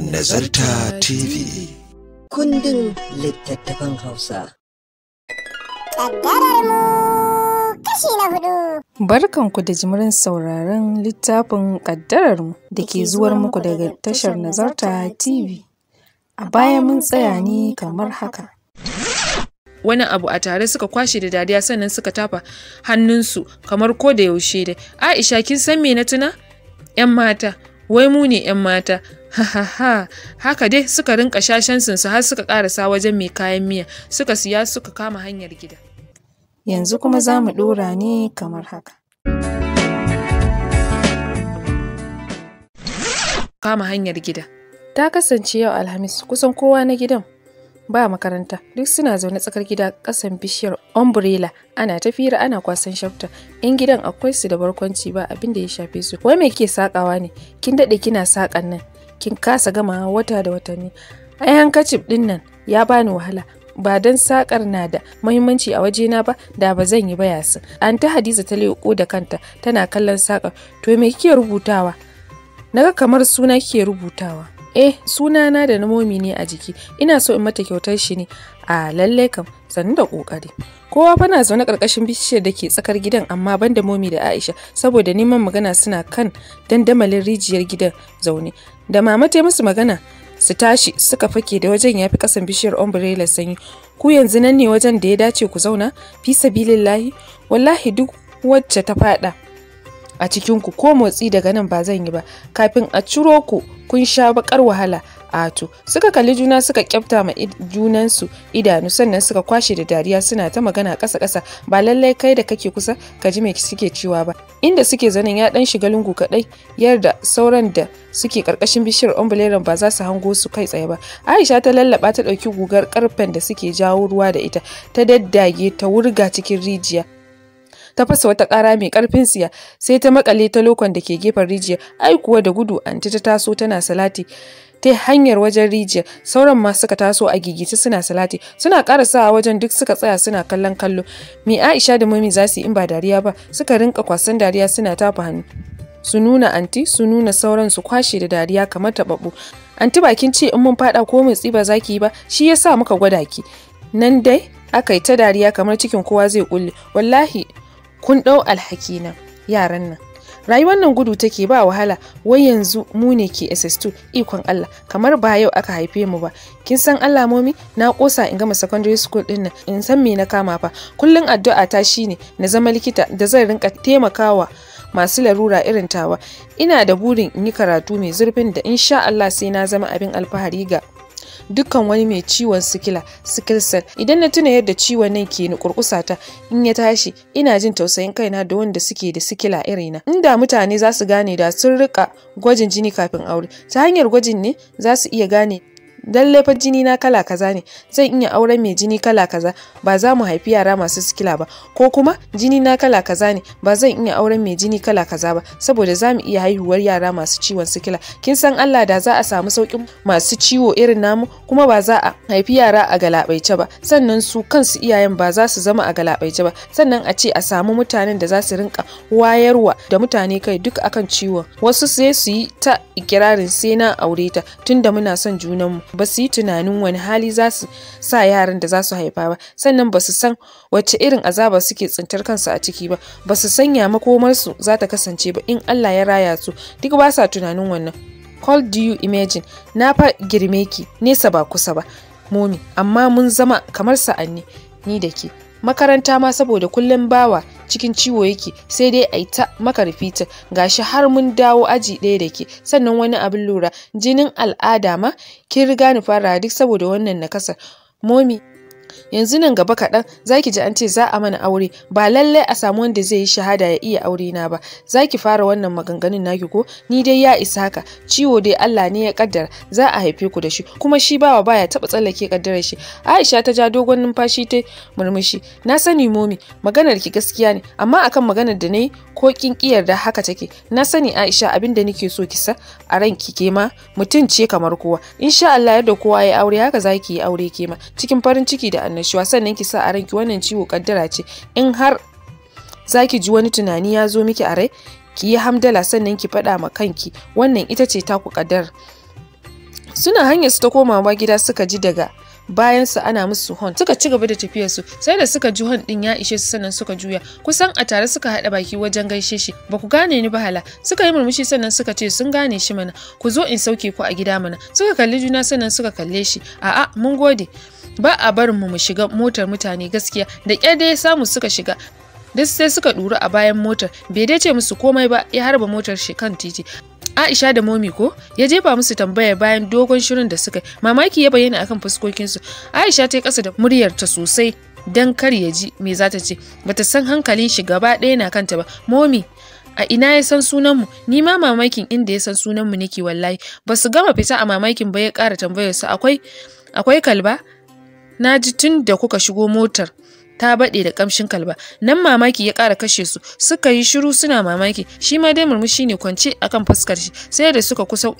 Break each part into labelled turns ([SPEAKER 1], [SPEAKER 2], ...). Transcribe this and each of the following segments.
[SPEAKER 1] Nazarta TV. Kundin littattafan Hausa. mu kashi na hudu. Barkanku da jimirin sauraron littafin mu da ke zuwar muku daga tashar Nazarta TV. A baya mun tsaya ne kamar haka. wani abu a tare suka kwashe da dadiya sannan suka tafa hannunsu kamar ko da yaushe dai aisha kin san me na tuna yan mata wai mu ne 'yan mata ha haka dai suka rinka shashansin su har suka karasa wajen mai kayan miya suka siya suka kama hanyar gida yanzu kuma za mu ɗora ne kamar haka kama hanyar gida ta kasance yau alhamis kusan kowa na gidan ba makaranta duk suna zaune tsakar gida ƙasan bishiyar umbrella ana ta fira ana kwasan shafta in gidan akwai su da barkwanci ba abin da ya shafe su wai me ke sakawa ne kin daɗe kina sakan nan kin kasa gama wata da watanni ai hankacif din nan ya bani wahala ba don sakar na da mahimmanci a wajena ba da ba zan yi ba yasa an ta hadiza ta leƙo da kanta tana kallon sakar to me kike rubutawa naga kamar suna kike rubutawa eh sunana da na momi ne a jiki ina so in mata kyautar shi ne a lallai kam sannu da kokari kowa fa na zaune karkashin bishiyar da ke tsakar gidan amma ban da momi da aisha saboda neman magana suna kan dandamalin rijiyar gidan zaune da mama ta musu magana su tashi suka fake da wajen ya fi kasan bishiyar umbrella sanyi ku yanzu nan ne wajen da ya dace ku zauna fi sabilillahi wallahi duk wacce ta fada a cikin ku ko motsi daga nan ba zan yi ba kafin a ciro ku kun sha bakar wahala ato suka kalli juna suka kyafta ma junansu idanu sannan suka kwashe da dariya suna ta magana ƙasa kasa ba lallai kai da kake kusa ka ji mai suke cewa ba inda suke zanen ya dan shiga lungu kadai yarda sauran da suke ƙarƙashin bishiyar ombuleran ba za su hango su kai tsaye ba aisha ta lallaba ta ɗauki gugar karfen da suke jawo ruwa da ita ta daddage ta wurga cikin rijiya ta fasa wata ƙara mai ƙarfin tsiya sai ta makale ta lokon da ke gefen rijiya ai kuwa da gudu anti ta taso tana salati ta hanyar wajen rijiya sauran ma suka taso a gigita suna salati suna ƙara sa wajen duk suka tsaya suna kallon kallo mai aisha da mami za su yi in ba dariya ba suka rinka kwasan dariya suna tafa hannu su nuna anti su nuna sauran su kwashe da dariya kamar taɓaɓɓu anti bakin ce in mun faɗa ko mai tsiba za ki yi ba shi ya sa muka gwada ki nan dai aka yi ta dariya kamar cikin kowa zai kulle wallahi kun ɗau alhaki yaran nan rayuwar nan gudu take ba wahala wai yanzu mu ne ke ss2 ikon allah kamar ba yau aka haife mu ba kin san allah momi na kosa in gama secondary school din nan in san me na kama fa kullun addu'a ta shine na zama likita da zan rinka taimakawa masu larura irin tawa ina da burin in yi karatu mai zurfin da insha allah sai na zama abin alfahari ga dukkan wani mai ciwon sikila sickle cell idan na tuna yadda ciwon nan ke ni kurkusata in ya tashi ina jin tausayin kaina da wanda suke da sikila irin irina inda mutane za su gane da sun rika gwajin jini kafin aure ta hanyar gwajin ne za su iya gane dan laifar jini na kala kaza ne zan iya auren mai jini kala kaza ba za mu haifi yara masu sikila ba ko kuma jini na kala kaza ne ba zan iya auren mai jini kala kaza ba saboda za mu iya haihuwar yara masu ciwon sikila kin san Allah da za a samu sauƙin masu ciwo irin namu kuma ba za a haifi yara a galabaice ba sannan su kansu iyayen ba za su zama a galabaice ba sannan a ce a samu mutanen da za su rinka wayarwa da mutane kai duk akan ciwon wasu sai su yi ta ikirarin sai na aure ta tunda muna son junanmu ba su yi tunanin wani hali za su sa yaran da za su haifa ba sannan ba su san wacce irin azaba suke tsintar kansu a ciki ba ba su sanya makomarsu za ta kasance ba in Allah ya raya su duk ba sa tunanin wannan call do you imagine na fa girme ki nesa ba kusa ba momi amma mun zama kamar sa'anni ni da ke makaranta ma saboda kullum bawa cikin ciwo yake sai dai a yi ta maka ga gashi har mun dawo aji ɗaya da ke sannan wani abin lura jinin al'ada ma kin riga ni fara duk saboda wannan nakasar momi yanzu nan gaba kaɗan za ki ji an ce za a mana aure ba lallai a samu wanda zai yi shahada ya iya aure na ba za ki fara wannan maganganun naki ko ni dai ya isa haka ciwo dai Allah ne ya kaddara za a haife ku da shi kuma shi bawa baya taɓa tsallake kaddarar shi Aisha ta ja dogon numfashi ta murmushi na sani momi maganar ki gaskiya ne amma akan maganar da nayi ko kin kiyar da haka take na sani Aisha abin da nake so kisa sa a ranki ke ma mutum ce kamar kowa insha Allah yadda kowa ya aure haka zaki yi aure ke ma cikin farin ciki da annashuwa sannan ki sa a ranki wannan ciwo kaddara ce in har zaki ji wani tunani ya zo miki a rai ki yi hamdala sannan ki fada ma kanki wannan ita ce taku kadar suna hanyar su ta komawa gida suka ji daga bayan su ana musu hon suka ci gaba da tafiyar su sai da suka ji hon din ya ishe su sannan suka juya kusan a tare suka hada baki wajen gaishe shi ba ku gane ni ba hala suka yi murmushi sannan suka ce sun gane shi mana ku zo in sauke ku a gida mana suka kalli juna sannan suka kalle shi a'a mun gode ba a barin mu mu shiga motar mutane gaskiya da kyar da ya samu suka shiga duk sai suka duru a bayan motar bai dace musu komai ba ya harba motar shi kan titi Aisha da Momi ko ya jefa musu tambaya bayan dogon shirin da suka mamaki ya bayyana akan fuskokinsu. Aisha ta yi ƙasa da muryarta sosai don kar ya ji me za ta ce. Bata san hankalin shi gaba ɗaya na kanta ba. Momi a ina ya san sunanmu ni ma mamakin inda ya san sunanmu nake wallahi ba su gama fita a mamakin ba ya ƙara tambayar akwai akwai kalba na ji tun da kuka shigo motar ta baɗe da ƙamshin kalba nan mamaki ya ƙara kashe su suka yi shiru suna mamaki shi ma dai murmushi ne kwance akan fuskar shi sai da suka kusa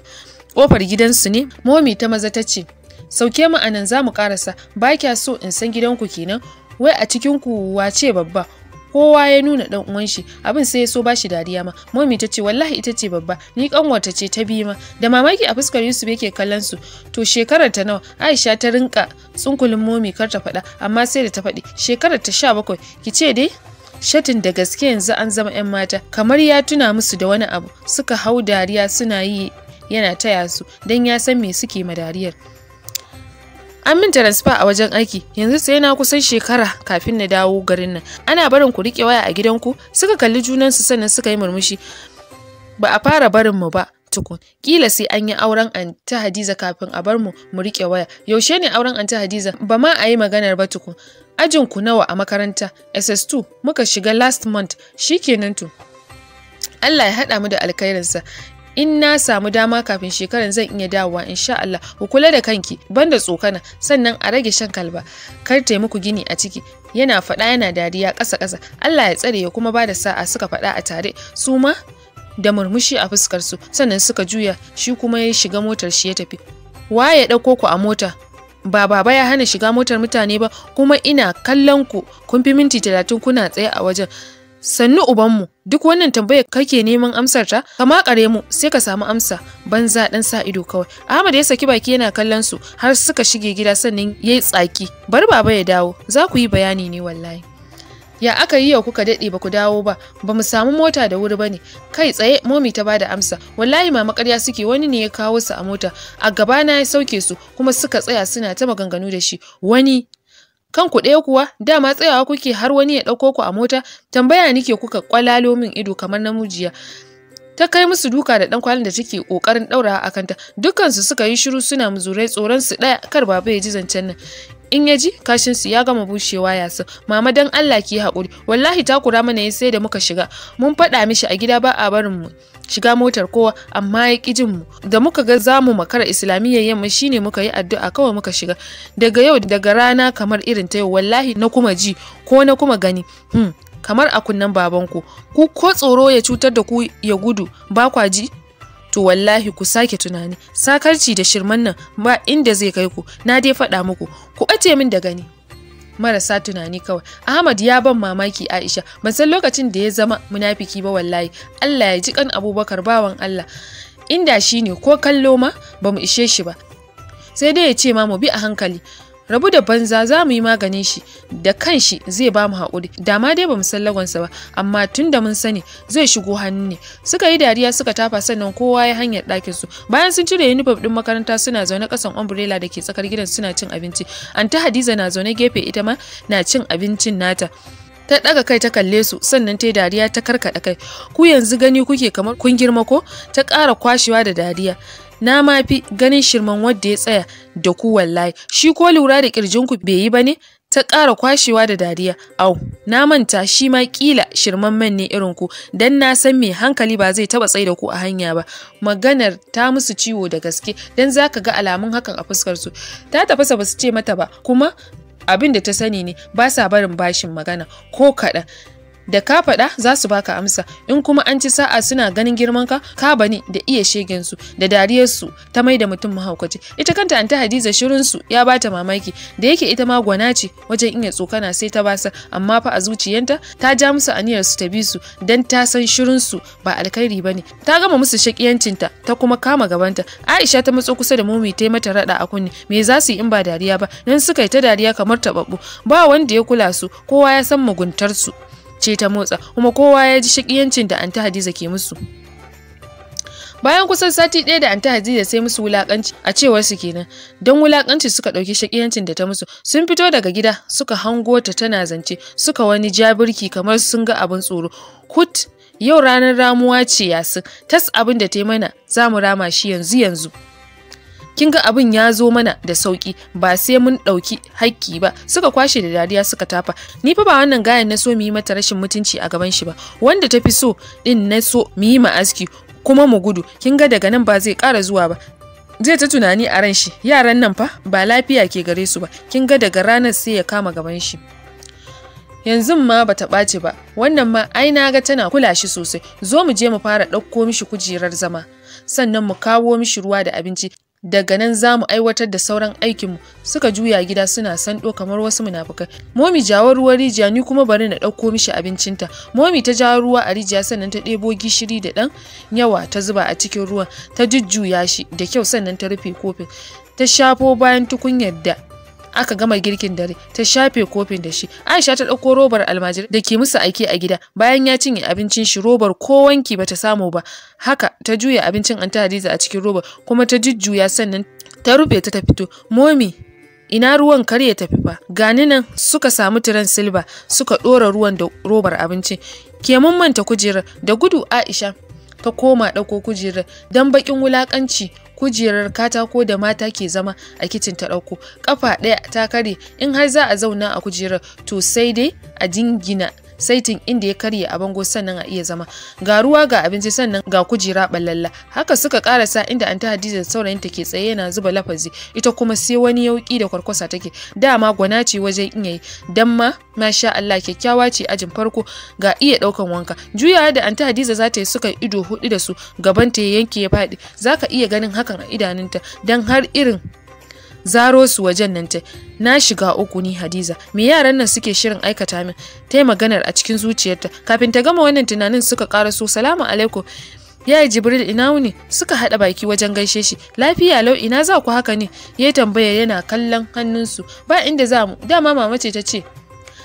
[SPEAKER 1] ƙofar gidansu ne momi ta maza ta ce sauke mu anan za mu ƙarasa ba kya so in san gidanku kenan wai a cikin ku wace babba kowa ya nuna dan uwan shi abin sai ya so bashi dariya ma momi ta wallahi ita ce babba ni kanwata ce ta biyu ma da mamaki a fuskar Yusuf yake kallon su to shekarar ta nawa Aisha ta rinka tsunkulin momi kar ta faɗa amma sai da ta faɗi shekarar ta 17 ki ce dai shatin da gaske yanzu an zama 'yan mata kamar ya tuna musu da wani abu suka hau dariya suna yi yana taya su don ya san me suke ma dariyar an min transfer a wajen aiki yanzu sai na kusan shekara kafin na dawo garin nan ana barin ku rike waya a gidanku suka kalli junansu sannan suka yi murmushi ba a fara barin mu ba tukun kila sai an yi auren anti hadiza kafin a bar mu mu rike waya yaushe ne auren anti hadiza ba ma a yi maganar ba tukun ajin ku nawa a makaranta ss2 muka shiga last month shikenan to Allah ya haɗa mu da alkhairinsa in na samu dama kafin shekaran zan iya dawowa insha Allah ku kula da kanki banda tsokana sannan a rage shan kalba kar ta muku gini a ciki yana faɗa yana dariya ƙasa ƙasa Allah ya tsare ya kuma ba da sa'a suka faɗa a tare su ma da murmushi a fuskar su sannan suka juya shi kuma ya shiga motar shi ya tafi waye ya ɗauko ku a mota ba baba ya hana shiga motar mutane ba kuma ina kallon ku kun fi minti talatin kuna tsaye a wajen sannu ubanmu duk wannan tambayar kake neman amsar ta kama kare mu sai ka samu amsa banza dan sa ido kawai Ahmad ya saki baki yana kallon su har suka shige gida sannan yayi tsaki bar baba ya dawo za ku yi bayani ne wallahi ya aka yi yau kuka daɗe ba ku dawo ba ba mu samu mota da wuri ba ne kai tsaye momi ta bada amsa wallahi mama karya suke wani ne ya kawo su a mota a gaba na ya sauke su kuma suka tsaya suna ta maganganu da shi wani kan ku ɗaya kuwa dama tsayawa kuke har wani ya ɗauko ku a mota tambaya nike kuka kwalalo min ido kamar na mujiya ta kai musu duka da ɗankwalin da take ƙoƙarin ɗaurawa a kanta dukkansu suka yi shiru suna muzurai tsoron su ɗaya kar baba ya ji zancen nan in ya ji kashin su ya gama bushewa ya san mama dan Allah ki haƙuri wallahi takura mana sai da muka shiga mun faɗa mishi a gida ba a barin mu shiga motar kowa amma ya ƙi jin mu da muka ga zamu makara islamiyyar yamma shine muka yi addu'a kawai muka shiga daga yau daga rana kamar irin ta yau wallahi na kuma ji ko na kuma gani hmm. kamar a kunnen babanku ku ko tsoro ya cutar da ku ya gudu ba kwa ji to wallahi ku sake tunani sakarci da shirman nan ba inda zai kai ku na dai faɗa muku ku ɓace min da gani marasa tunani kawai ahmad ya ban mamaki aisha ban san lokacin da ya zama munafiki ba wallahi allah ya ji kan abubakar bawan allah inda shi ne ko kallo ma ba mu ishe shi ba sai dai ya ce ma mu bi a hankali rabu da banza za mu yi maganin shi da kan shi zai ba mu haƙuri da ma dai ba mu san lagonsa ba amma tun da mun sani zai shigo hannu ne suka yi dariya suka tafa sannan kowa ya hanyar ɗakin su bayan sun cire yunifom ɗin makaranta suna zaune ƙasan umbrella da ke tsakar gidan suna cin abinci anta hadiza na zaune gefe ita ma na cin abincin nata ta ɗaga kai ta kalle su sannan ta dariya ta karkaɗa kai ku yanzu gani kuke kamar kun girma ko ta ƙara kwashewa da dariya na ma ganin shirman wadda ya tsaya da ku wallahi shi ko lura da kirjin ku bai yi ba ne ta ƙara kwashewa da dariya au na manta shi ma kila shirman man ne irin ku dan na san me hankali ba zai taba tsai da ku a hanya ba maganar ta musu ciwo da gaske dan zaka ga alamun hakan a fuskar su ta tafasa basu ce mata ba kuma abin da ta sani ne ba sa barin bashin magana ko kaɗan da ka faɗa za su baka amsa in kuma an ci sa'a suna ganin girman ka ka bani da iya shegen su da dariyarsu ta mai da mutum mahaukaci ita kanta anta Hadiza shirin su ya bata mamaki da yake ita ma gwana ce wajen iya tsokana sai ta basa amma fa a zuciyanta ta ja musu aniyar su ta bi su dan ta san shirin su ba alkhairi bane ta gama musu shakiyancinta ta kuma kama gabanta Aisha ta matso kusa da Mumi ta mata rada a kunni me za su yi in ba dariya ba nan suka yi ta dariya kamar tababbu ba wanda ya kula su kowa ya san muguntarsu. ce ta motsa kuma kowa ya ji shakiyancin da anta hadiza ke musu bayan kusan sati ɗaya da anta hadiza sai musu wulakanci a cewar su kenan don wulakanci suka ɗauki shakiyancin da ta musu sun fito daga gida suka hango ta tana zance suka wani jaburki kamar sun ga abin tsoro kut yau ranar ramuwa ce yasin tas abin da ta yi mana za mu rama shi yanzu yanzu kin ga abin ya zo mana da sauki ba sai mun ɗauki hakki ba suka kwashe da dariya suka tafa ni fa ba wannan gayan na so mu yi mata rashin mutunci a gaban shi ba wanda ta fi so din na so mu yi aski kuma mu gudu kin ga daga nan ba zai ƙara zuwa ba zai ta tunani a ran shi yaran nan fa ba lafiya ke gare su ba kin ga daga ranar sai ya kama gaban shi yanzu ma ba ta ɓaci ba wannan ma ai na ga tana kula shi sosai zo mu je mu fara ɗauko mishi kujerar zama sannan mu kawo mishi ruwa da abinci daga nan za mu aiwatar da sauran aikinmu suka juya gida suna sando kamar wasu munafukai momi jawo ruwan rijiya ni kuma bari na ɗauko mishi abincinta momi ta jawo ruwa a rijiya sannan ta ɗebo gishiri da ɗan yawa ta zuba a cikin ruwan ta jujjuya shi da kyau sannan ta rufe kofin ta shafo bayan tukunyar da aka gama girkin dare ta shafe kofin da shi aisha ta ɗauko robar almajirai. da ke musu aiki a gida bayan ya cinye abincin shi robar ko wanki bata samu ba haka ta juya abincin anta hadiza a cikin robar kuma ta jujjuya sannan ta rufe ta ta fito momi ina ruwan kar ya tafi ba gani nan suka samu tiran silba suka ɗora ruwan da robar abinci ke mummanta kujerar da gudu aisha ta koma ɗauko kujerar don baƙin wulaƙanci kujerar katako da mata ke zama a kicin ta ɗauko kafa ɗaya ta kare in har za a zauna a kujerar to sai dai a jingina saitin inda ya karye a bango sannan a iya zama ga ruwa ga abinci sannan ga kujera ballalla haka suka karasa inda anta hadiza saurayin saurayinta ke tsaye yana zuba lafazi ita kuma sai wani yauki da kwarkwasa take dama gwana ce wajen iya yi dan ma masha Allah kyakkyawa ce ajin farko ga iya daukan wanka juyawa da anta hadiza za ta yi suka ido hudu da su gaban ta yanke ya faɗi zaka iya ganin hakan a idanunta dan har irin zaro su wajen nan ta na shiga uku ni hadiza me yaran nan suke shirin aikata min ta yi maganar a cikin zuciyarta kafin ta gama wannan tunanin suka karaso salamu alaikum yayi jibril ina wuni suka haɗa baki wajen gaishe shi lafiya lau ina za ku haka ne ya tambaya yana kallon hannunsu ba inda za mu dama mama ce ta ce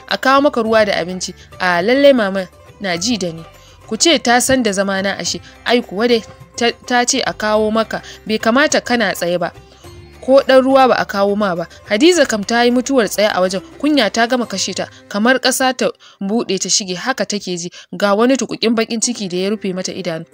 [SPEAKER 1] a kawo maka ruwa da abinci a lallai mama na ji da ni ku ce ta san da zamana ashe ai kuwa ta ce a kawo maka bai kamata kana tsaye ba ko ɗan ruwa ba a kawo ma ba hadiza kam ta yi mutuwar tsaye a wajen kunya ta gama kashe ta kamar ƙasa ta buɗe ta shige haka take ji ga wani tukukin bakin ciki da ya rufe mata idanu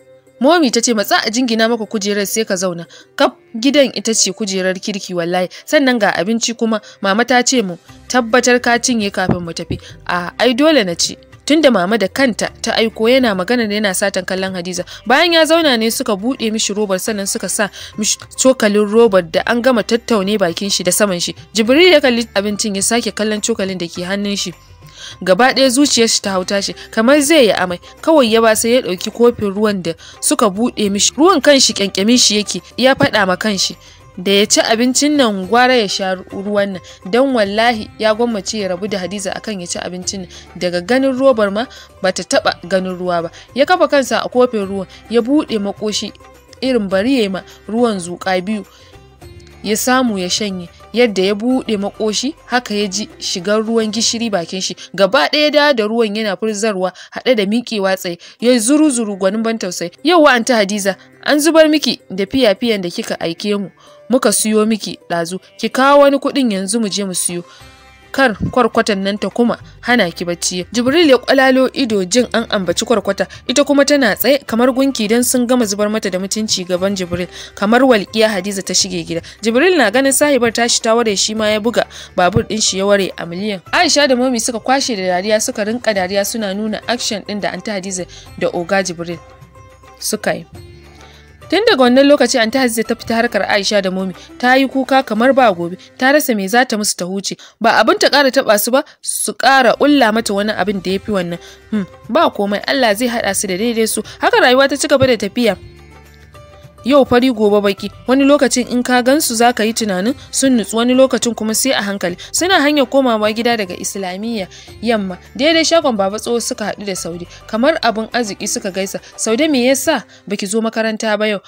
[SPEAKER 1] Momi ta ce matsa a jingina maka kujerar sai ka zauna. Kaf gidan ita ce kujerar kirki wallahi. Sannan ga abinci kuma mama ta ce mu tabbatar ka cinye kafin mu tafi. A ai dole na ci. tunda mama da kanta ta aiko yana magana da yana satan kallon Hadiza bayan ya zauna ne suka bude mishi robar sannan suka sa mishi cokalin robar da an gama tattaune bakin shi da saman shi Jibril ya kalli abincin ya sake kallon cokalin da ke hannun shi gaba ɗaya zuciyar shi ta hauta shi kamar zai yi amai kawai ya ba sai ya ɗauki kofin ruwan da suka buɗe mishi ruwan kanshi kyankyamin shi yake ya faɗa ma kanshi da ya ci abincin nan gwara ya sha ruwan nan don wallahi ya gwammace ya rabu da hadiza akan ya ci abincin nan daga ganin robar ma ba ta taba ganin ruwa ba ya kafa kansa a kofin ruwan ya buɗe makoshi irin bari ya ma ruwan zuƙa biyu ya samu ya shanye yadda ya buɗe makoshi haka ya ji shigar ruwan gishiri bakin shi gaba ɗaya da da ruwan yana furzarwa haɗe da miƙewa tsaye ya zuru zuru gwanin ban tausayi yau wa'anta hadiza an zubar miki da fiya-fiyan da kika aike mu muka siyo miki ɗazu ki kawo wani kuɗin yanzu mu je mu siyo kar kwarkwatan nan ta kuma hana ki bacci jibril ya kwalalo ido jin an ambaci kwarkwata ita kuma tana tsaye kamar gunki don sun gama zubar mata da mutunci gaban jibril kamar walƙiya hadiza ta shige gida jibril na ganin sahibar tashi ta ware shi ma ya buga babur din shi ya ware a miliyan aisha da momi suka kwashe da dariya suka rinka dariya suna nuna action din da anta hadiza da oga jibril suka yi tun daga wannan lokaci an ta ta fita harkar aisha da momi ta yi kuka kamar ba gobe ta rasa me za ta musu ta huce ba abin ta ƙara taɓa su ba su ƙara ulla mata wani abin da ya fi wannan hmm, ba komai allah zai haɗa su da daidai su haka rayuwa ta ci gaba da tafiya yau fari gobe baki wani lokacin in ka gansu za ka yi tunanin sun nutsu wani lokacin kuma sai a hankali suna hanyar komawa gida daga islamiyya yamma daidai shagon baba tsoho suka haɗu da saudi kamar abin arziki suka gaisa saude me yasa baki zo makaranta ba yau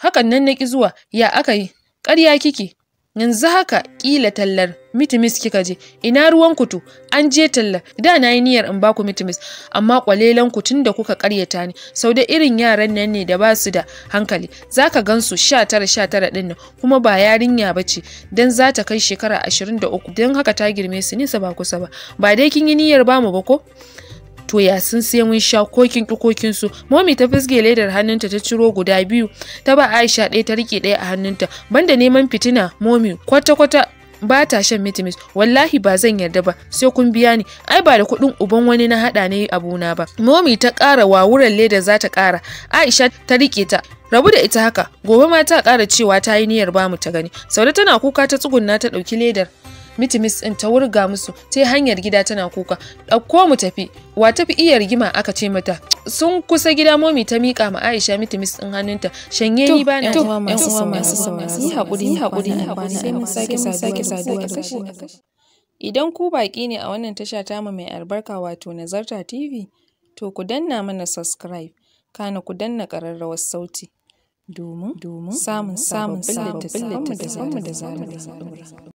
[SPEAKER 1] hakan nan na ki zuwa ya aka yi ƙarya kiki yanzu haka kila tallar mitimis kika je ina ruwan kutu an je tallar. da na yi niyyar in ba ku mitimis amma kwalelan ku tun da kuka karyata ni sau da irin yaran nan ne da ba su da hankali za ka gan zaka gansu sha tara din nan kuma ba yarinya ba ce? dan za ta kai shekara ashirin da uku. don haka ta girme su nisa ba kusa ba ba dai kin yi niyyar bamu ba ko to ya sun sai mun sha kokin kokin su momi ta fisge ledar hannunta ta ciro guda biyu ta ba aisha ɗaya ta rike ɗaya a hannunta banda neman fitina momi kwata kwata ba ta shan mitimis wallahi ba zan yarda ba sai kun biya ni ai ba da kuɗin uban wani na haɗa ne abuna ba momi ta ƙara wawuran ledar za ta ƙara aisha ta rike ta rabu da ita haka gobe ma ta ƙara cewa ta yi niyyar bamu ta gani saude tana kuka ta tsugunna ta ɗauki ledar mitimis ɗin ta wurga musu ta hanyar gida tana kuka ɗauko mu tafi wa tafi iya rigima aka ce mata sun kusa gida momi ta miƙa ma aisha mitimis ɗin hannunta shanye ni ba na yi haƙuri yi haƙuri yi haƙuri sai mu sake sake kashi idan ku baƙi ne a wannan tasha tamu mai albarka wato nazarta tv to ku danna mana subscribe kana ku danna ƙararrawar sauti domin samun samun samun da zamu da zamu